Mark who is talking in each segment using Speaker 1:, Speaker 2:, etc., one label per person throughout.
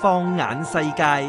Speaker 1: 放眼世界，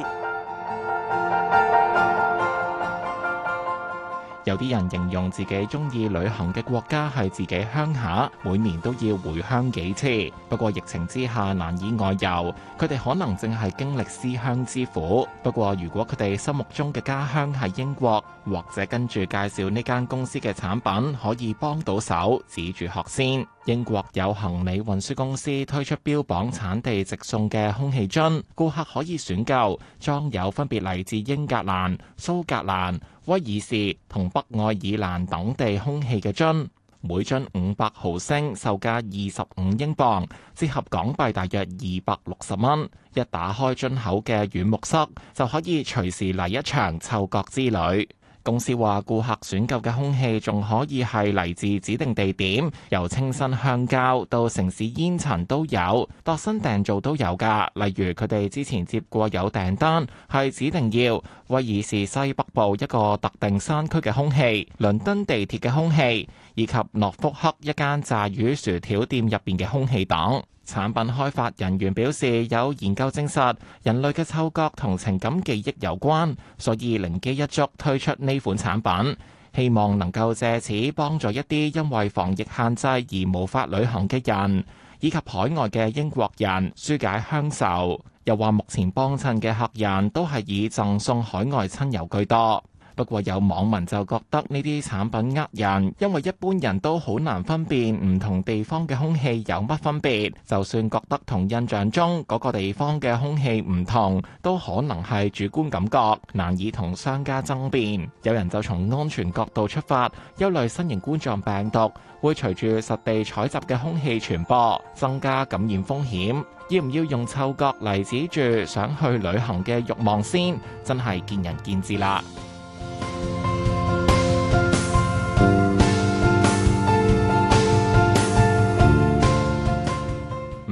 Speaker 1: 有啲人形容自己中意旅行嘅國家係自己鄉下，每年都要回鄉幾次。不過疫情之下難以外遊，佢哋可能正係經歷思鄉之苦。不過如果佢哋心目中嘅家鄉係英國。或者跟住介紹呢間公司嘅產品，可以幫到手指住學先。英國有行李運輸公司推出標榜產地直送嘅空氣樽，顧客可以選購裝有分別嚟自英格蘭、蘇格蘭、威爾士同北愛爾蘭等地空氣嘅樽，每樽五百毫升，售價二十五英鎊，折合港幣大約二百六十蚊。一打開樽口嘅軟木塞，就可以隨時嚟一場嗅覺之旅。公司話：顧客選購嘅空氣仲可以係嚟自指定地點，由清新鄉郊到城市煙塵都有，度身訂造都有㗎。例如佢哋之前接過有訂單係指定要威爾士西北部一個特定山區嘅空氣、倫敦地鐵嘅空氣，以及諾福克一間炸魚薯條店入邊嘅空氣等。產品開發人員表示，有研究證實人類嘅嗅覺同情感記憶有關，所以靈機一觸推出呢款產品，希望能夠借此幫助一啲因為防疫限制而無法旅行嘅人，以及海外嘅英國人舒解鄉愁。又話目前幫襯嘅客人都係以贈送海外親友居多。不過有網民就覺得呢啲產品呃人，因為一般人都好難分辨唔同地方嘅空氣有乜分別。就算覺得同印象中嗰個地方嘅空氣唔同，都可能係主觀感覺，難以同商家爭辯。有人就從安全角度出發，憂慮新型冠狀病毒會隨住實地採集嘅空氣傳播，增加感染風險。要唔要用嗅覺嚟止住想去旅行嘅欲望先？真係見仁見智啦。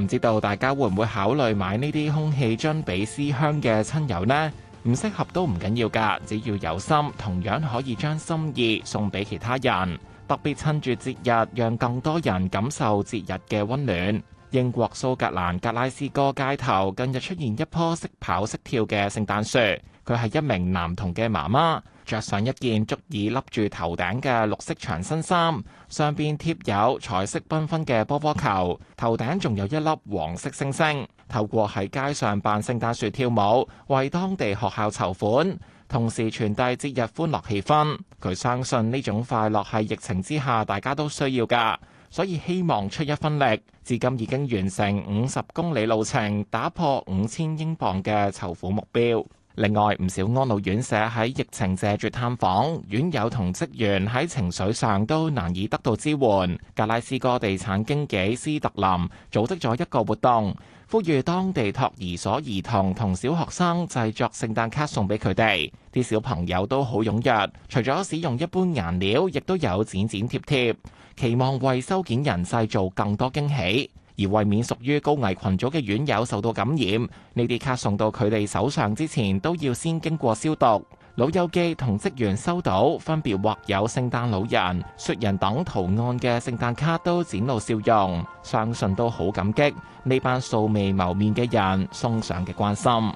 Speaker 1: 知道大家會唔會考慮買呢啲空氣樽俾思鄉嘅親友呢？唔適合都唔緊要噶，只要有心，同樣可以將心意送俾其他人。特別趁住節日，讓更多人感受節日嘅溫暖。英國蘇格蘭格拉斯哥街頭近日出現一棵識跑識跳嘅聖誕樹，佢係一名男童嘅媽媽，着上一件足以笠住頭頂嘅綠色長身衫，上邊貼有彩色繽紛嘅波波球，頭頂仲有一粒黃色星星。透過喺街上扮聖誕樹跳舞，為當地學校籌款，同時傳遞節日歡樂氣氛。佢相信呢種快樂係疫情之下大家都需要㗎。所以希望出一分力，至今已經完成五十公里路程，打破五千英鎊嘅籌款目標。另外，唔少安老院舍喺疫情謝絕探訪，院友同職員喺情緒上都難以得到支援。格拉斯哥地產經紀斯特林組織咗一個活動，呼籲當地托兒所兒童同小學生製作聖誕卡送俾佢哋，啲小朋友都好踊躍，除咗使用一般顏料，亦都有剪剪貼貼。期望為收件人製造更多驚喜，而為免屬於高危群組嘅院友受到感染，呢啲卡送到佢哋手上之前都要先經過消毒。老友記同職員收到，分別畫有聖誕老人、雪人等圖案嘅聖誕卡都展露笑容，相信都好感激呢班素未謀面嘅人送上嘅關心。